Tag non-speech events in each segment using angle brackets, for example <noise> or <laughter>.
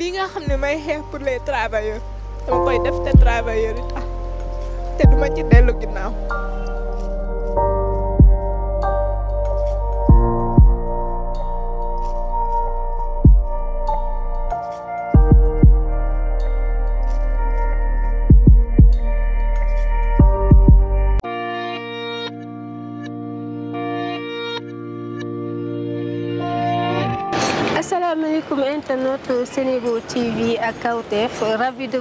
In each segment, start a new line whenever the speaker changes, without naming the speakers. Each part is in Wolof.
lii nga xam ne may xeex pour les travailleurs dama koy def te travailleurs yi tax te duma ci dellu ginnaaw
asalaamaaleykum internet Senego TV ak Kawtef ravi de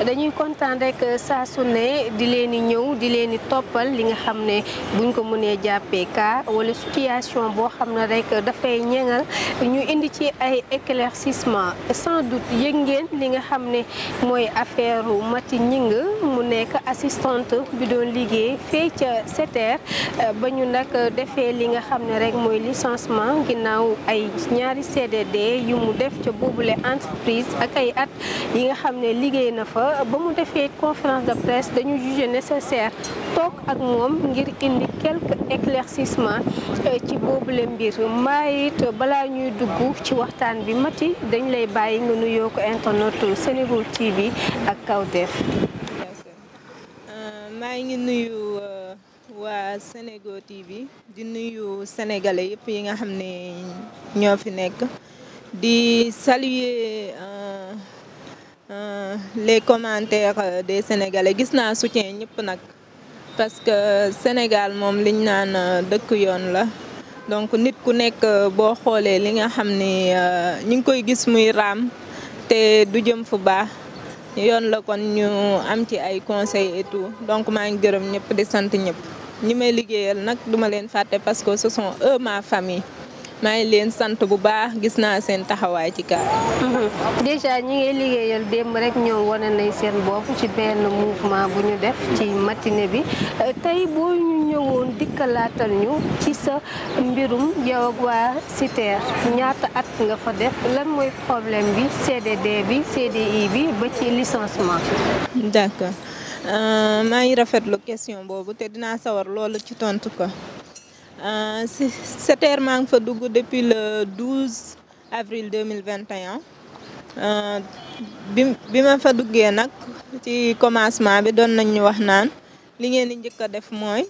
dañuy kontaan rek saa ne di leen di ñëw di leen di toppal li nga xam ne buñ ko mënee jàppee cas wala situation boo xam ne rek dafay ñeŋal ñu indi ci ay éclaircissement sans doute yëg ngeen li nga xam ne mooy affaire Mati Ñing mu nekk assistante bi doon liggéey fee ca SETER ba ñu nag defee li nga xam ne rek mooy licenciement ginnaaw ay ñaari ñaari CDD yu mu def ca boobule entreprise ak ay at yi nga xam ne liggéey na fa ba mu defee conférence de presse dañu jugé nécessaire toog ak moom ngir indi quelque éclaircissement euh, ci boobule mbir mbaa it balaa ñuy dugg ci waxtaan bi mati dañ lay bàyyi nga nuyoo ko internet Sénégal TV ak Kawtef
euh, maa waa Senego TV di nuyu sénégalais yëpp yi nga xam ne ñoo fi nekk di saluer euh, euh, les commentaires des sénégalais gis naa soutien ñëpp nag parce que Sénégal moom li liñ naan euh, dëkk yoon la donc nit ku nekk boo xoolee li nga xam ne ñu ngi koy gis muy raam te du jëm fu baax yoon la kon ñu am ci ay conseil et donc maa ngi gërëm ñëpp di sant ñëpp ñi may liggéeyal nag duma leen fàtte parce que ce sont eux ma famille maa leen sant bu baax gis naa seen taxawaay ci kaar <laughs> déjà ñi ngay liggéeyal démb rek ñoo wane nañ seen bopp ci benn mouvement bu
ñu def ci matinée bi euh, tey boo ñu ñëwoon dikkalaatal ñu ci sa mbirum yow ak waa SITER ñaata at nga fa def lan mooy problème
bi CDD bi CDI bi ba ci licenciement d'accord Euh, maa ngi rafetlu question boobu te dinaa sawar loolu ci tontu ko euh, si SETER maa ngi fa dugg depuis le 12 avril 2021 euh, bi bi ma fa duggee nag ci commencement bi doon nañ ñu wax naan li ngeen di njëkk a def mooy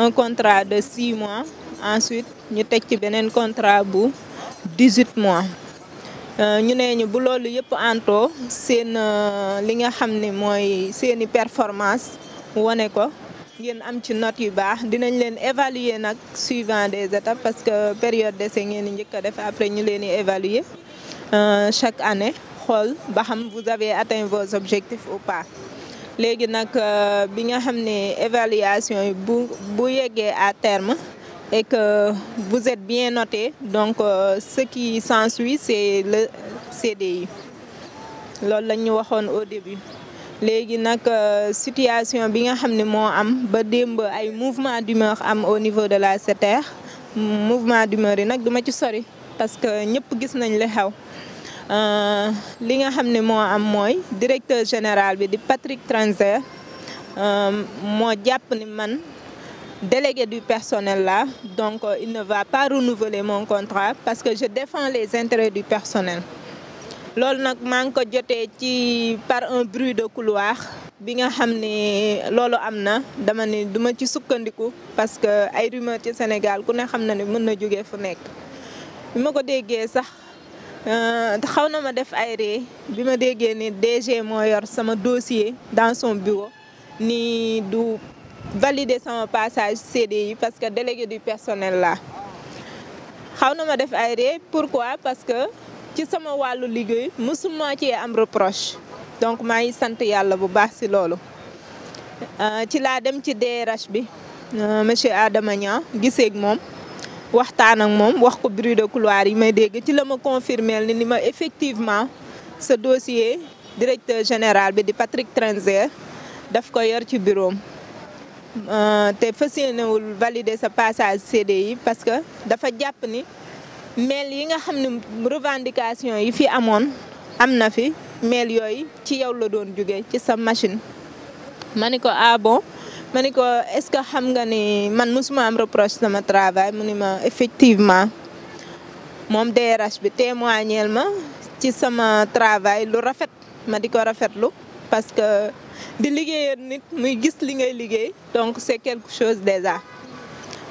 un contrat de 6 mois ensuite ñu teg ci beneen contrat bu 18 mois. Euh, ñu nee ñu bu loolu yëpp antoo seen euh, li nga xam ne mooy seeni performance wane ko ngeen am ci note yu baax dinañ leen évaluer nag suivant des étapes parce que période d'essai ngeen di njëkk a def après ñu leen di évaluer euh, chaque année xool ba xam vous avez atteint vos objectifs ou pas léegi nag bi nga xam ne évaluation yi bu bu yeggee à terme et que vous êtes bien noté. Donc, euh, ce qui s'ensuit, c'est le CDI. loolu la ñu waxoon au début léegi nag euh, situation bi nga xam ni moo am ba démb ay mouvement d'humeur am au niveau de la SETER mouvement d'humeur yi nag duma ci sori parce que ñëpp gis nañ li xew euh, li nga xam ne moo am mooy directeur général bi di Patrick Tranzer euh, moo jàpp ni man délégué du personnel la donc euh, il ne va pas renouveler contrat parce que je défends les intérêts du personnel. loolu nag maa ngi ko jotee ci par un bruit de couloir bi nga xam ni loolu am na dama ni duma ci sukkandiku parce que ay rumeur ci Sénégal ku ne xam na ni mën na jóge fu nekk bi ma ko déggee sax euh, xaw na ma def ay ree bi ma déggee ni DG moo yor sama dossier dans son bureau ni du valider sama passage c yi parce que délégué du personnel la xaw na ma def ay ree pourquoi parce que ci sama wàllu liggéey musuma ci am reproche donc maa ngi sant yàlla bu baax si loolu euh, ci laa dem ci DRH bi euh, monsieur Adama Niang giseeg moom waxtaan ak moom wax ko bruit de couloir yi may dégg ci la ma confirmeel ni ni ma effectivement ce dossier directeur général bi di Patrick Trenzer daf ko yor ci bureau Euh, te fa yéenewul valider sa passage CDI parce que dafa jàpp ni mail yi nga xam ne revendication yi fi amoon am na fi mail yooyu ci yow la doon jóge ci sa machine ma ni ko ah bon ma ni ko est-ce que xam nga ni man mosuma am reproche sama travail mu ni ma effectivement moom DRH bi témoigneel ma ci sama travail lu rafet ma di ko rafetlu parce que di liggéeyal nit muy gis li ngay liggéey donc c'est quelque chose déjà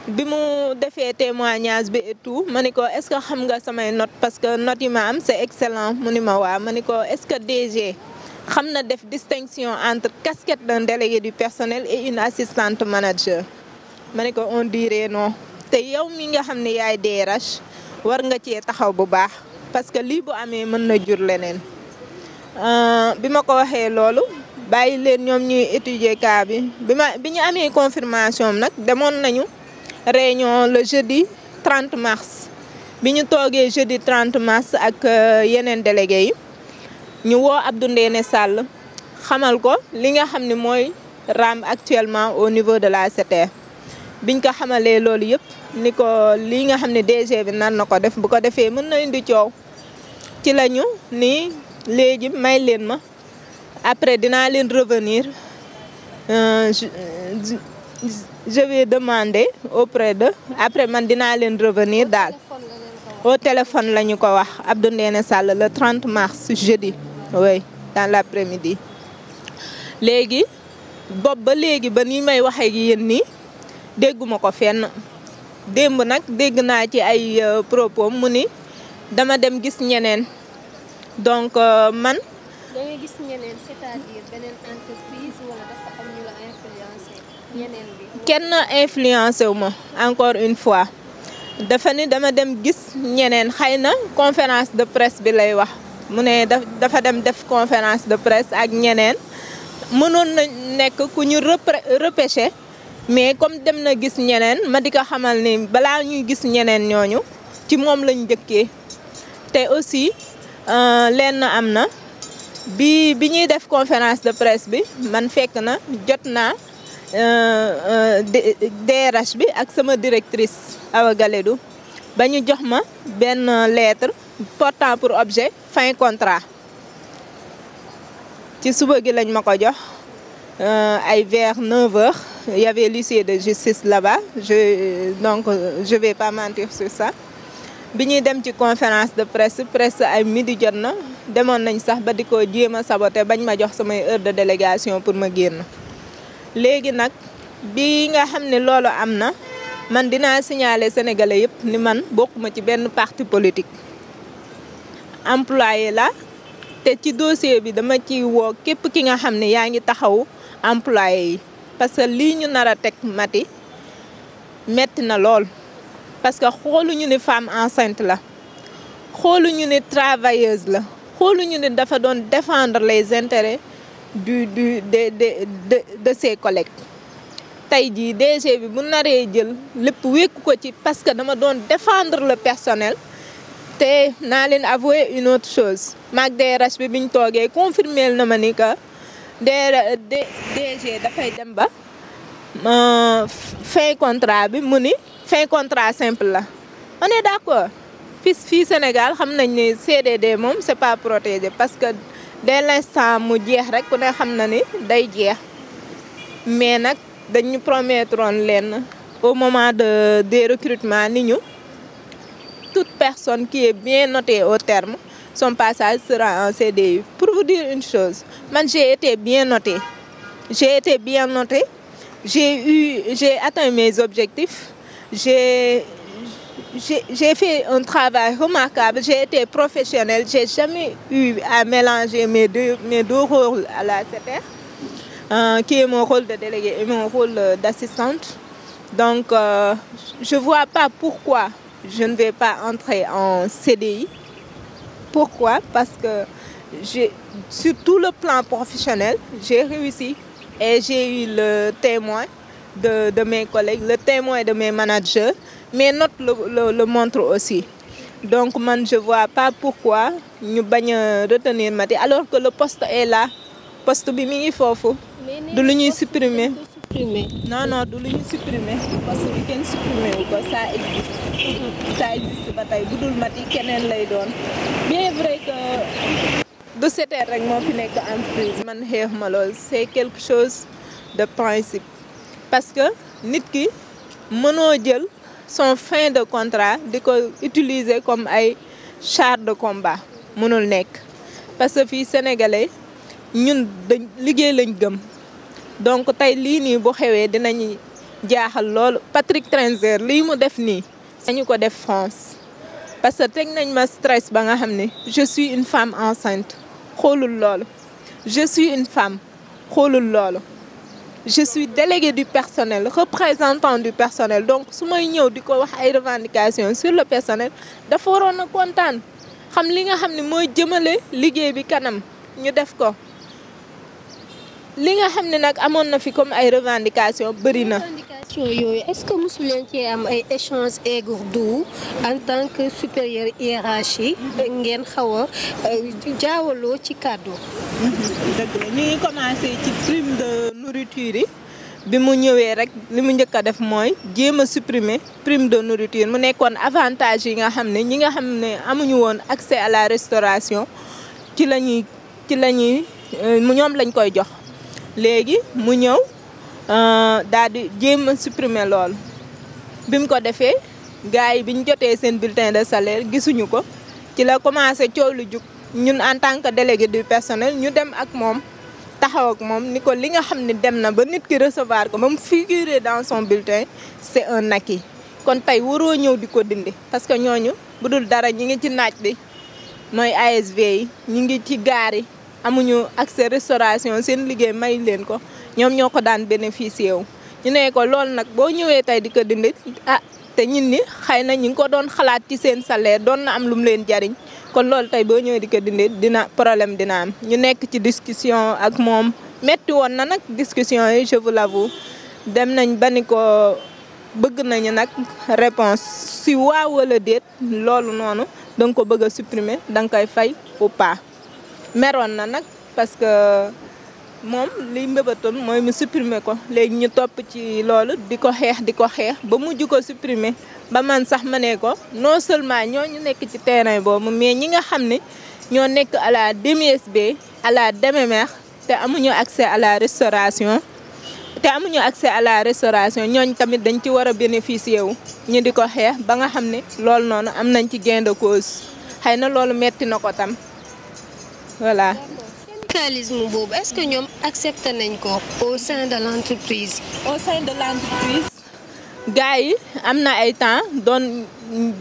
bi mu defee témoignage bi et tout ma ne ko est-ce que xam nga samay not parce que not yi ma am c'est excellent mu ni ma waa ma ni ko est-ce que DG xam na def distinction entre casquette d'un délégué du personnel et une assistante manager ma ni ko on dirait non te yow mi nga xam ne yaay DRH war nga cee taxaw bu baax parce que lii bu amee mën na jur leneen euh, bi ma ko waxee loolu bàyyi leen ñoom ñuy étudier cas bi bi ma bi ñu amee confirmation am nag demoon nañu réunion le jeudi 30 mars bi ñu toogee jeudi 30 mars ak euh, yeneen délégué yi ñu woo Abdou Ndéné sàll xamal ko li nga xam ne mooy raam actuellement au niveau de la SETER biñ ko xamalee loolu yëpp ni ko lii nga xam ne DG bi nan na ko def bu ko defee mën na indi coow ci lañu ni léegi may leen ma après dinaa leen revenir euh, je je vais demander auprès de après man dinaa leen revenir daal au téléphone la ko wax Abdou Ndéné Sall le 30 mars jeudi oui dans l'après-midi léegi bopp ba léegi ba ni may waxee ak yéen nii dégguma ko fenn démb nag dégg naa ci ay euh, propos mu ni dama dem gis ñeneen donc euh, man
da gis ñeneen cest à
kenn influencé wu ma encore une fois dafa ni dama dem gis ñeneen xëy na conférence de presse bi lay wax mu ne dafa dem def conférence de presse ak ñeneen mënoon na nekk ku ñu repêché mais comme dem na gis ñeneen ma di ko xamal ni balaa ñuy gis ñeneen ñooñu ci moom lañ njëkkee te aussi euh, lenn am na. bi bi ñuy def conférence de presse bi man fekk na jot naa DRH euh, euh, bi ak sama directrice Awa ba ñu jox ma benn lettre portant pour objet fin contrat ci suba gi lañ ma ko jox euh, ay vers 9 heures il y avait l'huissier de justice là je donc je vais pas mentir sur ça bi ñuy dem ci conférence de presse presse ay midi jot na demoon nañ sax ba di ko jéem a saboté bañ ma jox samay heure de délégation pour ma génn léegi nag bi nga xam ne loolu am na man dinaa signaler sénégalais yëpp ni man bokkuma ci benn parti politique employé la te ci dossier bi dama ci woo képp ki nga xam ni yaa ngi taxaw employé yi parce que lii ñu nar a teg mati metti na lool parce que xoolu ñu ne femme enceinte la xooluñu ne travailleuse la xooluñu ne dafa doon défendre les intérêts du du de de de de ses collègues tey jii DG bi bu naree jël lépp wékku ko ci parce que dama doon défendre la personnel te naa leen avouer une autre chose maag DRH bi biñ toogee confirmeel na ma ni que DG dafay dem ba euh, fin contrat bi mu ni fin contrat simple la on est d'accord fii fii Sénégal xam nañ ni ne CDD moom c'est pas protégé parce que dès l'instant mu jeex rek ku xam na ni day jeex mais nag dañu promettroon leen au moment de des recrutements ni ñu toute personne qui est bien notée au terme son passage sera en CDI pour vous dire une chose man j'ai été bien notée j'ai été bien notée j'ai eu j'ai atteint mes objectifs J'ai j'ai fait un travail remarquable. J'ai été professionnelle. J'ai jamais eu à mélanger mes deux, mes deux rôles à la CPR, euh, qui est mon rôle de déléguée et mon rôle euh, d'assistante. Donc, euh, je ne vois pas pourquoi je ne vais pas entrer en CDI. Pourquoi Parce que sur tout le plan professionnel, j'ai réussi et j'ai eu le témoin de, de mes collègues, le témoin de mes managers, mais not le, le, le aussi. Donc, man je ne vois pas pourquoi nous devons retenir Mati, alors que le poste est là. Le poste est fofo. De l'union supprimer. Non, non, de l'union supprimer. Parce que quelqu'un supprimer, ça existe. Ça existe, bataille. Boudoul Mati, quelqu'un l'a donné. Bien vrai que. De cette règle, mon entreprise, c'est quelque chose de principe. parce que nit ki mënoo jël son fin de contrat di ko utiliser comme ay char de combat mënul nekk parce que fii sénégalais ñun dañ liggéey lañ gëm donc tey lii nii bu xewee dinañu jaaxal loolu Patrick Trenzer lii mu def nii sañu ko def France parce que teg nañ ma stress ba nga xam ni je suis une femme enceinte xoolul loolu je suis une femme xoolul loolu je suis délégué du personnel représentant du personnel donc su may ñëw di ko wax ay revendications sur le personnel dafa waroon a kontaan xam li nga xam ni mooy jëmale liggéey bi kanam ñu def ko. li nga xam ne nag amoon na fi comme ay revendication bëri na. revendication yooyu est-ce que mosu leen cee am ay échange aigu en tant
que supérieur yi ngeen xaw a euh, jaawaloo ci kàddu.
ñu ngi commencé ci prime de nourriture yi. bi mu ñëwee rek li mu njëkk a def mooy jéem a supprimer prime de nourriture mu nekkoon avantage yi nga xam ne ñi nga xam ne amuñu woon accès à la restauration ci la ñuy ci la ñuy euh, ñoom lañ koy jox. léegi mu ñëw euh, daal di jéem a supprimer loolu bi mu ko defee gars yi bi ñu jotee seen bulletin de salaire gisuñu ko ci la commencé coow lu jug ñun en tant que délégué du personnel ñu dem ak moom taxaw ak moom ni ko li nga xam ne dem na ba nit ki recevoir ko moom mu figurer dans son bulletin c'est un acquis kon tey waroo ñëw di ko dindi parce que ñooñu bu dul dara ñi ngi ci naaj bi mooy ASV yi ñi ngi ci gaar yi amuñu accès restauration seen liggéey may leen ko ñoom ñoo ko daan bénéficier wu. ñu ne ko loolu nag boo ñëwee tey di ko dindi ah te ñin ni xëy na ñu ngi ko doon xalaat ci seen salaire doon na am lu mu leen jariñ kon loolu tey boo ñëwee di ko dindi dina problème dina am ñu nekk ci discussion ak moom metti woon na nag discussion yi je vous l'avoue dem nañ ba ni ko bëgg nañu nag réponse si waaw wala déet loolu noonu da nga ko bëgg a supprimer da nga koy fay ou meroon na nag parce que moom liy mbébatoon mooy mu supprimer ko léegi ñu topp ci loolu di ko xeex di ko xeex ba mujj ko supprimer ba man sax ma ne ko non seulement ñoo ñu nekk ci terrain boobu mais ñi nga xam ne ñoo nekk à la DMSB à la DMMR te amuñu accès à la restauration te amuñu accès à la restauration ñooñ tamit dañ ci war a bénéficier wu ñu di ko xeex ba nga xam ne loolu noonu am nañ ci gain de cause xëy na loolu metti na ko tam voilà. syndicalisme boobu est-ce que ñoom accepté nañ ko au sein de l'entreprise. au yi am na ay temps doon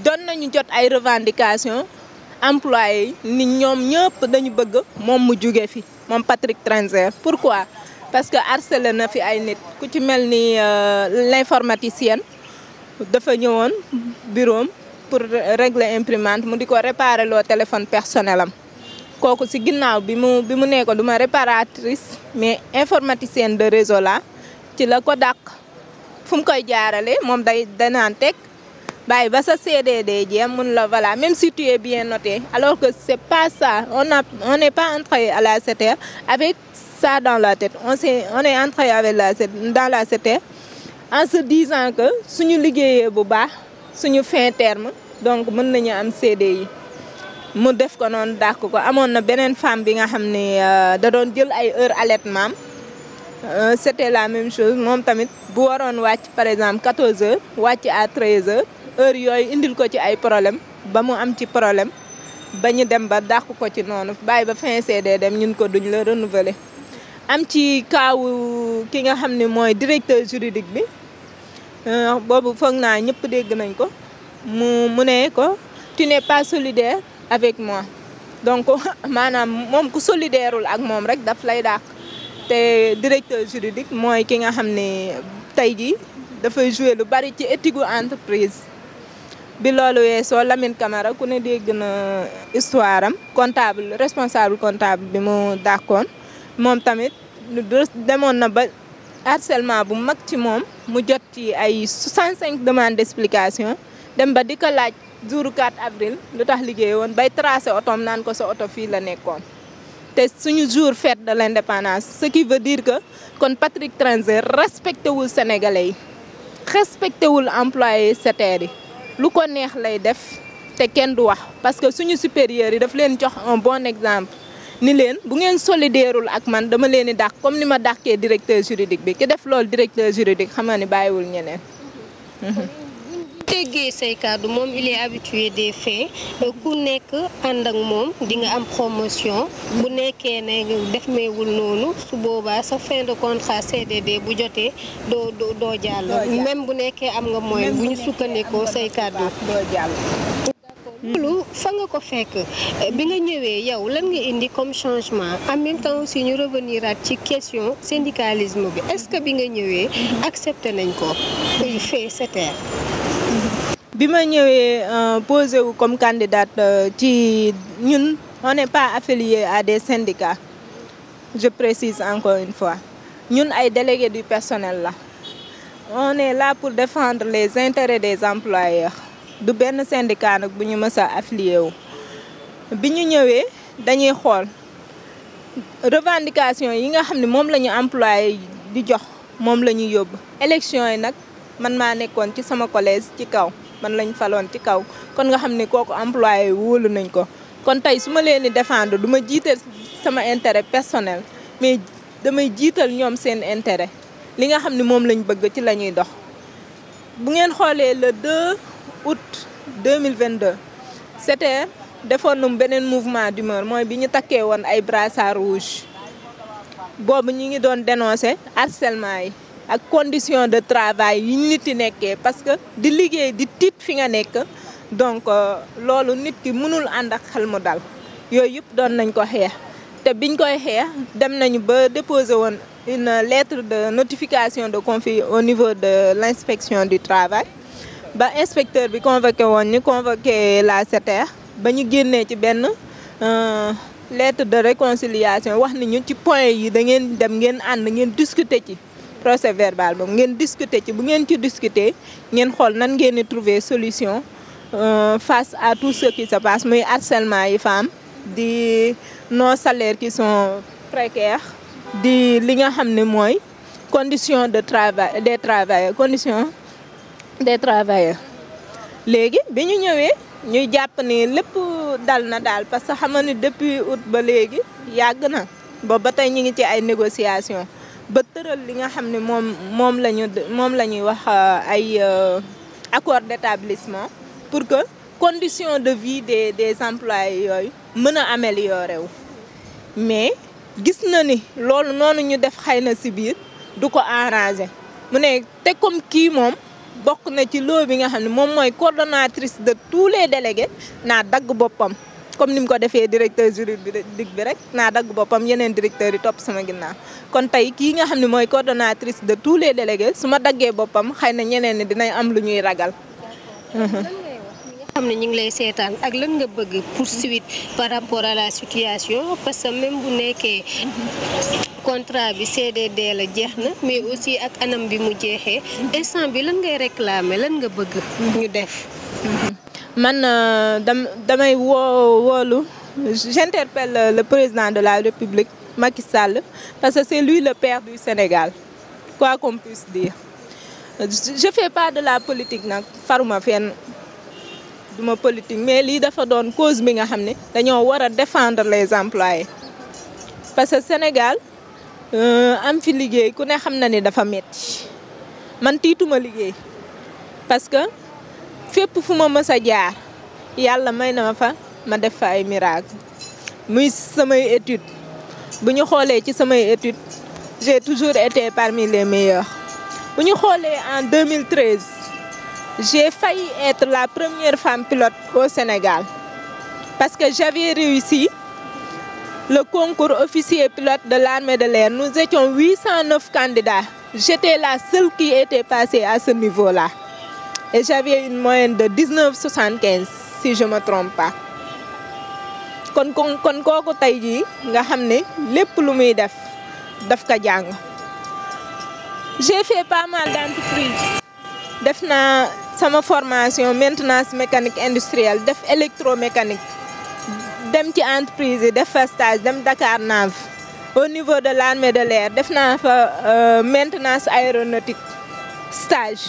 doon nañu jot ay revendications employés yi ni ñoom ñëpp dañu bëgg moom mu jóge fi moom Patrick Tranzer pourquoi parce que harcelé na fi ay nit ku ci mel ni euh, l'informaticienne dafa ñëwoon bureau pour régler imprimante mu di ko réparer loo téléphone personnel am. kooku si ginnaaw bi mu bi mu nee ko du réparatrice mais informaticienne de réseau la ci la ko dàq fu mu koy jaarale moom day danaan teg bàyyi ba sa CDD jeex mun la voilà même si tu es bien noté alors que c'est pas ça on a pas entré à la CETER avec ça dans la tête on s'est on est entré avec la e, dans la CETER en se disant que suñu liggéeyee bu baax suñu fin terme donc mën nañu am CD yi mu def ko noonu dàq ko amoon na beneen femme bi nga xam ne euh, da doon jël ay heure allaitement am euh, c'était la même chose moom tamit bu waroon wàcc par exemple 14 heures wàcc à 13 heures heure yooyu indil ko ci ay problème ba mu am ci problème ba ñu dem ba dàq ko ci noonu bàyyi ba fin de dem ñun ko duñ la renouveler am ci kaawu ki nga xam ne mooy directeur juridique bi euh, boobu foog naa ñëpp dégg nañ ko mu mu ne ko tu n'es pas solidaire avec moi donc <laughs> maanaam moom ku solidairewul ak moom rek daf lay dàq te directeur juridique mooy ki nga xam ne tey jii dafay jouer lu bari ci éthique entreprise bi loolu weesoo Lamine Camara ku ne dégg na histoire am comptable responsable comptable bi mu dàqoon moom tamit demoon na ba harcèlement bu mag ci moom mu jot ci ay 65 demandes d'explication dem ba di ko laaj jour 4 avril lu tax liggéey woon bay tracé otoom naan ko sa oto fii la nekkoon te suñu jour fête de l'indépendance ce qui veut dire que kon Patrick Tranzer respecté wul sénégalais yi respecté wul employé SETER yi lu ko neex lay def te kenn du wax parce que suñu supérieurs yi daf leen jox un bon exemple ni leen bu ngeen solidairul ak man dama leen di dàq comme ni ma dàqee directeur juridique bi ki def loolu directeur juridique xam nga ni bàyyiwul ñeneen
déggee say kàddu moom il est habitué des faits ku nekk ànd ak moom di nga am promotion bu nekkee ne def meewul noonu su boobaa sa fin de contrat CDD bu jotee doo doo jàll même bu nekkee am nga moyen bu ñu sukkandikoo say kàddu doo fa nga ko fekk bi nga ñëwee yow lan nga indi comme changement en même si ñu revenir at ci question syndicalisme bi est-ce que bi nga ñëwee accepté nañ ko il fait
bi ma ñëwee euh, posé wu comme candidate euh, ci ñun on pas affilié à des syndicats je précise encore une fois ñun ay délégué du personnel la on est là pour défendre les intérêts des employeurs du benn syndicat nag bu ñu mës a wu bi ñu ñëwee dañuy xool revendication yi nga xam ne moom la ñu employé di jox moom la ñu yóbbu élection yi nag man maa nekkoon ci sama collège ci kaw man lañ faloon ci kaw kon nga xam ne kooku employé wóolu nañ ko kon tey su ma leen di défendre du ma jiital sama intérêt personnel mais damay jiital ñoom seen intérêt li nga xam ne moom lañ bëgg ci la ñuy dox bu ngeen xoolee le 2 août 2022 c'était defoon num beneen mouvement d'humeur mooy bi ñu takkee woon ay brassard rouge boobu ñu ngi doon dénoncer harcèlement yi ak condition de travail yi nit yi nekkee parce que di liggéey di tiit fi nga nekk donc euh, loolu nit ki mënul ànd ak xel mu dal yooyu yëpp doon nañ ko xeex te biñ koy xeex dem nañu ba déposé woon une lettre de notification de conflit au niveau de l'inspection du travail ba inspecteur bi convoqué woon ñu convoqué la SETER ba ñu génnee ci benn euh, lettre de réconciliation wax nañu ci point yi da ngeen dem ngeen ànd ngeen discuter ci procès verbal boobu ngeen discuter ci bu ngeen ci discuter ngeen xool nan ngeen di trouver solution euh, face à tout ce qui se passe muy harcèlement yi femmes di nos salaires qui sont précaires di li nga xam ne mooy condition de travail des travailleurs condition des travailleurs léegi bi ñu ñëwee ñuy jàpp ni lépp dal na daal parce que xam nga ni depuis août ba léegi yàgg na boobu ba tey ñu ngi ci ay négociations ba tëral li nga xam ne moom moom la ñu moom la ñuy wax euh, ay euh, accord d'établissement pour que condition de vie des des employés yooyu mën a améliorer wu mais gis na ni loolu noonu ñu def xëy na si biir du ko arranger mu ne te comme kii moom bokk na ci loo bi nga xam ne moom mooy coordonnatrice de tous les délégués naa dagg boppam comme ni mu ko defee directeur juridique bi rek naa dagg boppam yeneen directeur yi topp sama ginnaaw kon tey kii nga xam ne mooy coordonnatrice de tous les délégués su ma daggee boppam xay na ñeneen ni dinañ am lu ñuy ragal.
xam na ñu ngi lay seetaan ak lan nga bëgg poursuite par rapport à la situation parce que même bu nekkee contrat bi CDD la jeex na mais aussi ak anam bi mu jeexee instant bi lan ngay réclamer lan nga bëgg ñu def.
man euh, damay woo woolu j'interpelle euh, le président de la République Macky Sall parce que c'est lui le père du Sénégal quoi qu'on puisse dire je fais pas de la politique nag faruma fenn duma politique mais lii dafa doon cause bi nga xam ne dañoo war a défendre les employés parce que Sénégal euh, am fi liggéey ku ne xam na ni dafa metti man tiituma liggéey parce que fépp fu ma mës a jaar yàlla may na ma fa ma def fa ay miracle muy samay étude bu ñu xoolee ci samay étude j'ai toujours été parmi les meilleurs bu ñu xoolee en 2013 j'ai failli être la première femme pilote au Sénégal parce que j'avais réussi le concours officier pilote de l'armée de l'air nous étions 809 candidats j'étais la seule qui était passée à ce niveau-là et j'avais une moyenne de 19,75 si je me trompe pas kon kon kon kooku tey jii nga xam ne lépp lu muy def daf ko jàng j'ai fait pas mal def naa sama formation maintenance mécanique industrielle def électromécanique dem ci entreprise yi def fa stage dem Dakar Nav au niveau de l'armée de l'air def naa fa euh, maintenance aéronautique stage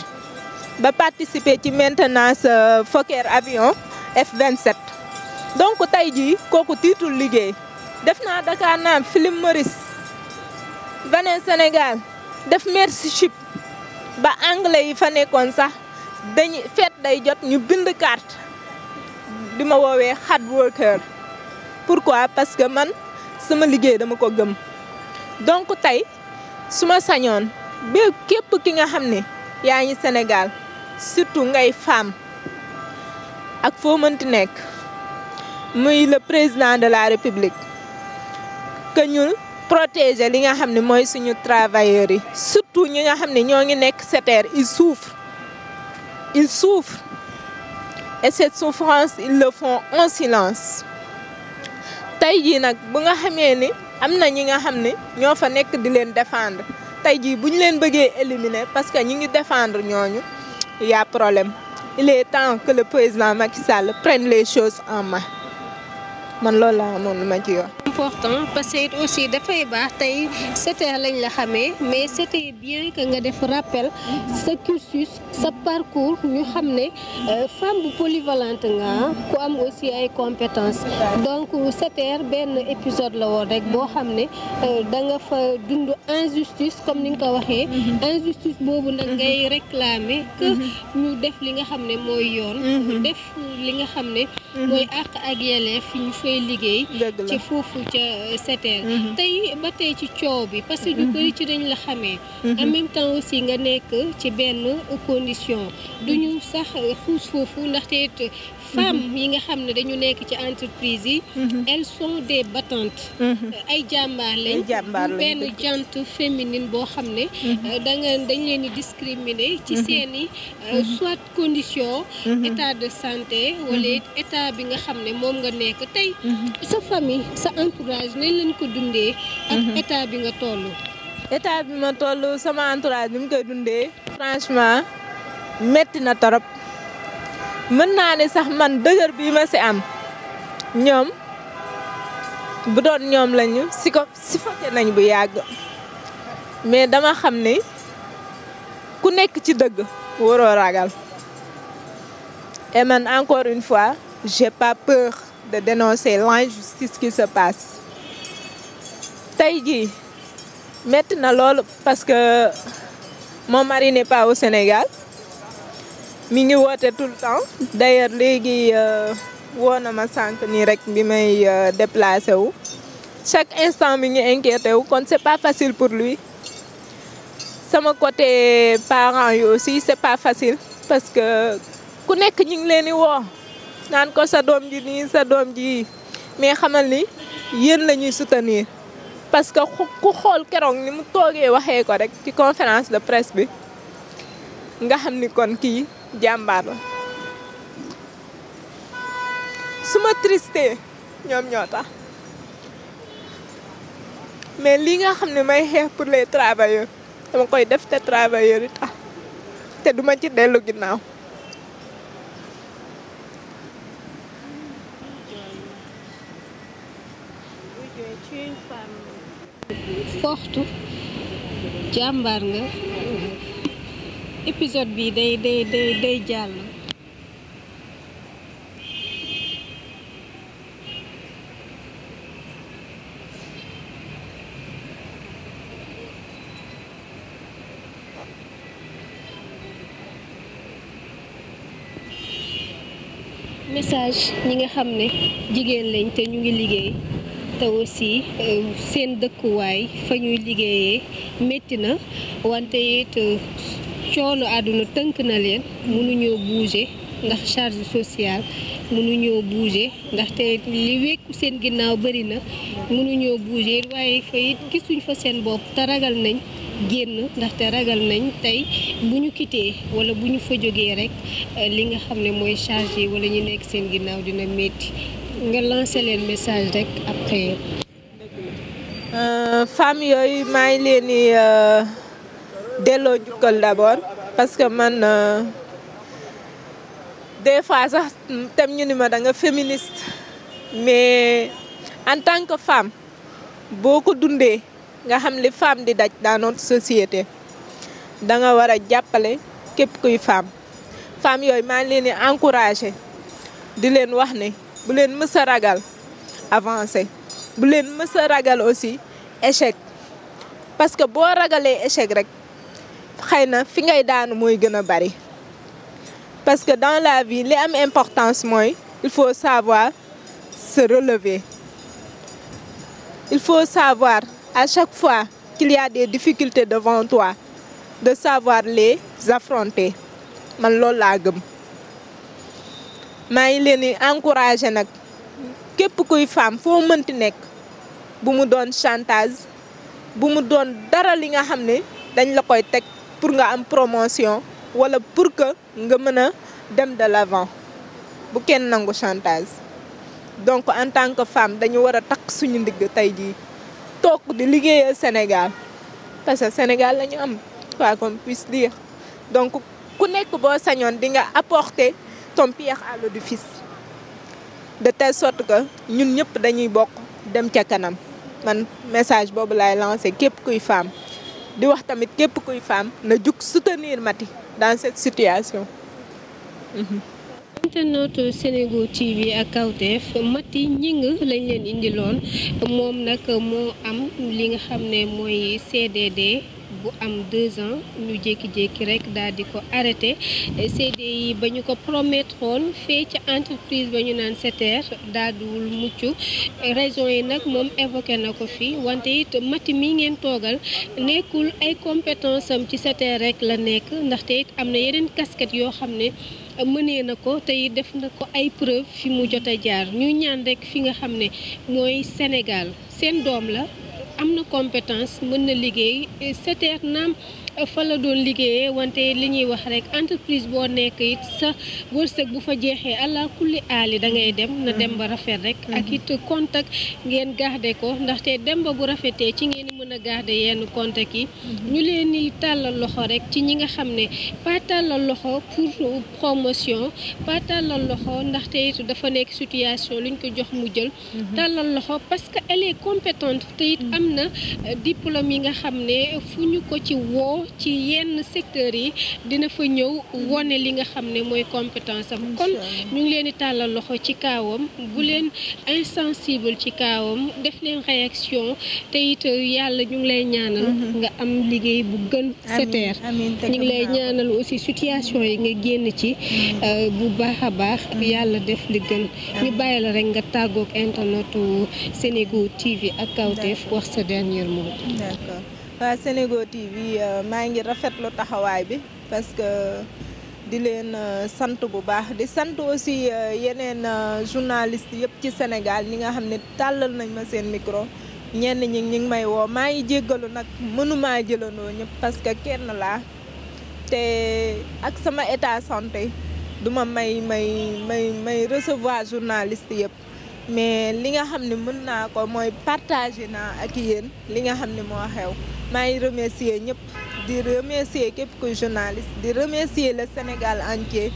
ba participer ci maintenance euh, Fokker avion F27. donc tey jii kooku tiitul liggéey def naa Dakar naam film Maurice beneen Sénégal def merci chip ba anglais yi fa nekkoon sax dañu feet day jot ñu bind carte di ma woowee hard worker pourquoi parce que man sama liggéey dama ko gëm donc tey suma sañoon ba képp ki nga xam ne yaa ngi Sénégal surtout ngay femme ak foo mënti nekk muy le président de la république que ñu protéger li nga xam ne mooy suñu travailleurs yi surtout ñi nga xam ne ñoo ngi nekk SETER ils souffrent ils souffrent et cette souffrance ils le font en silence tey jii nag bu nga xamee ni am na ñi nga xam ne ñoo fa nekk di leen défendre tey jii bu ñu leen bëggee éliminer parce que ñu ngi défendre ñooñu il y a problème il est temps que le président Macky Sall prenne les choses en main man loolu laa noonu ma ci wax
important parce que it aussi dafay baax tey sept heures lañ la xamee mais c'était bien que nga def rappel sa cursus sa parcours ñu xam ne euh, femme bu polyvalente nga ku am aussi ay compétence donc sept benn épisode la woon rek boo xam ne euh, da nga fa dund injustice comme ni nga ko waxee mhm. injustice boobu nag mhm. ngay réclamer que mhm. ñu def li nga xam ne mooy yoon def li nga xam ne mooy àq ak yelleef ñu fay liggéey ci foofu ca SETER mhm. tey ba tey ci coow bi parce que ñu mhm. ci dañ la xamee mhm. en même temps aussi nga nekk ci benn condition duñu sax xuus foofu ndaxte femmes yi nga xam ne dañu nekk ci entreprise yi mhm. elles sont des battantes mhm. ay jàmbaar lañ benn jante féminine boo xam ne mhm. euh, da dañ leen di discriminer ci seeni euh, soit condition état de santé wala état bi nga xam ne moom nga nekk tey sa famille sa entourage
nañ leen ko dundee ak état bi nga toll état bi ma toll sama entourage bi mu koy dundee franchement metti na torop mën naa ne sax man dëgër bii ma ci am ñoom bu doon ñoom lañu si ko si fokke nañ bu yàgg mais dama xam ne ku nekk ci dëgg waroo ragal et man encore une fois j'ai pas peur de dénoncer l'injustice qui se passe tey jii metti na loolu parce que moo mari n'est pas Sénégal mi ngi woote tout le temps d'ailleurs léegi euh, woo na ma sànq nii rek bi may euh, déplacé wu chaque instant mi ngi inquiété wu kon c'est pas facile pour lui sama côté parents yi aussi c'est pas facile parce que ku nekk ñu ngi leen di woo naan ko sa doom ji nii sa doom ji mais xamal ni yéen la ñuy soutenir parce que ku xool keroog ni mu toogee waxee ko rek ci conférence de presse bi nga xam ni kon kii jàmbaar la su ma triste ñoom ñoo tax mais lii nga xam ne may xeex pour les travailleurs dama koy def te travailleurs yi tax te duma ci dellu ginnaaw
forte jàmbaar épisode bi day day jàll. message ñi nga xam ne jigéen lañ te ñu ngi liggéey te aussi euh, seen dëkkuwaay fa ñuy liggéeyee métti na wante it euh, coolu àdduna tënk na leen mënuñoo bouger ndax charge sociale mënuñoo bouger ndaxte li wekku seen ginnaaw bëri na mënuñoo bouger waaye fa it gisuñ fa seen bopp te ragal nañ génn ndaxte ragal nañ tey bu ñu kitee wala bu ñu fa jógee rek euh, li nga xam ne mooy charge yi wala ñu nekk seen ginnaaw dina métti nga lancé leen message rek après.
Euh, femme yooyu maa ngi delloo njukkal d'abord parce que man euh, des fois sax tam ñu ni ma da nga féministe mais en tant que femme boo ko dundee nga xam li femme di daj dans notre société da nga war a jàppale képp kuy femme femme yooyu maa ngi leen di encourager di leen wax ne bu leen mës a ragal avancer bu leen mës a ragal aussi échec parce que boo ragalee échec rek xëy na fi ngay daanu mooy gën a bari parce que dans la vie li am importance mooy il faut savoir se relever il faut savoir à chaque fois qu'il y a des difficultés devant toi de savoir les affronter man loolu laa gëm maa ngi leen di encourager nag képp kuy femme foo mënti nekk bu mu doon chantage bu mu doon dara li nga xam ne dañ la koy teg pour nga am promotion wala pour que nga mën a dem de l'avant bu kenn nangu chantage donc en tant que femme dañu war a takk suñu ndigg tey jii toog di liggéeyal Sénégal parce que Sénégal lañu am waa kon puisse dire donc ku nekk boo sañoon di nga apporter ton pierre à l'édifice de telle sorte que ñun ñëpp dañuy bokk dem ca kanam man message boobu lay lancé képp kuy femme di wax tamit képp kuy femme na jug soutenir Maty dans cette situation. Mhm. internet
Sénégo TV ak Kawtef Maty Gning lañ leen indiloon moom nag moo am li nga xam ne mooy CDD. bu am deux ans ñu jékki-jékki rek daal di ko arrêté yi ba ñu ko promettroon fee ca entreprise ba ñu naan SETER daal diwul mucc raison yi nag moom évoqué na ko fi wante it mati mi ngeen toogal nekkul ay compétence am ci SETER rek la nekk ndaxte it am na yeneen casquette yoo xam ne mënee na ko tey def na ko ay preuve fi mu jot jaar ñu ñaan rek fi nga xam ne mooy Sénégal seen doom la am na compétence mën na liggéey SETER naam fa la doon liggéeyee wante li ñuy wax rek entreprise boo nekk it sa wërsëg bu fa jeexee allah kulli aali da ngay dem na dem ba rafet rek mm-hmm. ak it contact ngeen garde ko ndaxte dem ba bu rafetee ci ngeen mën a garde yenn contact yi mm-hmm. ñu leen di tàllal loxo rek ci ñi nga xam ne pas tàllal loxo pour promotion pas tàllal loxo ndaxte it dafa nekk situation luñ ko jox mu jël mm-hmm. tàllal loxo parce que elle est compétente te it am na diplôme yi nga xam ne fu ñu ko ci woo ci yenn secteurs yi dina fa ñëw wone li nga xam ne mooy compétence am kon ñu ngi leen di tàllal loxo ci kaawam bu leen insensible ci kaawam def leen réaction te it yàlla ñu ngi lay ñaanal mhm. nga am liggéey bu gën sa teer ñu ngi lay ñaanal aussi situation yi nga génn ci mhm. euh, bu baax a baax mhm. yàlla def li gën ñu bàyyi la rek nga tàggook internetu Senego TV ak Kawtef wax sa dernier mot d'accord
waa Senego TV euh, maa ngi rafetlu taxawaay bi parce que di leen euh, sant bu baax di sant aussi euh, yeneen journaliste yëpp ci Sénégal ñi nga xam ne tàllal nañ ma seen micro ñenn ñi ngi may woo maa ngi jéggalu nag mënumaa jëlandoo ñëpp parce que kenn laa te ak sama état santé duma may may may may recevoir journaliste yëpp mais li nga xam ne mën naa ko mooy partager naa ak yéen li nga xam ne moo xew maa ngi remercier ñëpp di remercier képp kuy journaliste di remercier le Sénégal entier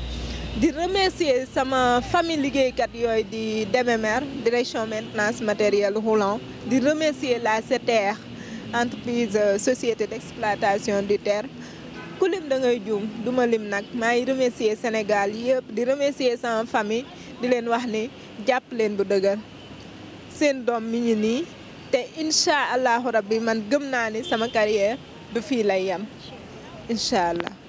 di remercier sama famille liggéeykat yooyu di DMMR direction maintenance matériel roulant di remercier la CTR entreprise euh, société d'exploitation du terre ku lim dangay ngay juum du ma lim nag maa ngi remercier Sénégal yëpp di remercier sama famille di leen wax ni jàpp leen bu dëgër seen doom mi ngi nii te incha allahu rabbi man gëm naa ni sama carrière du fii lay yem incha allah.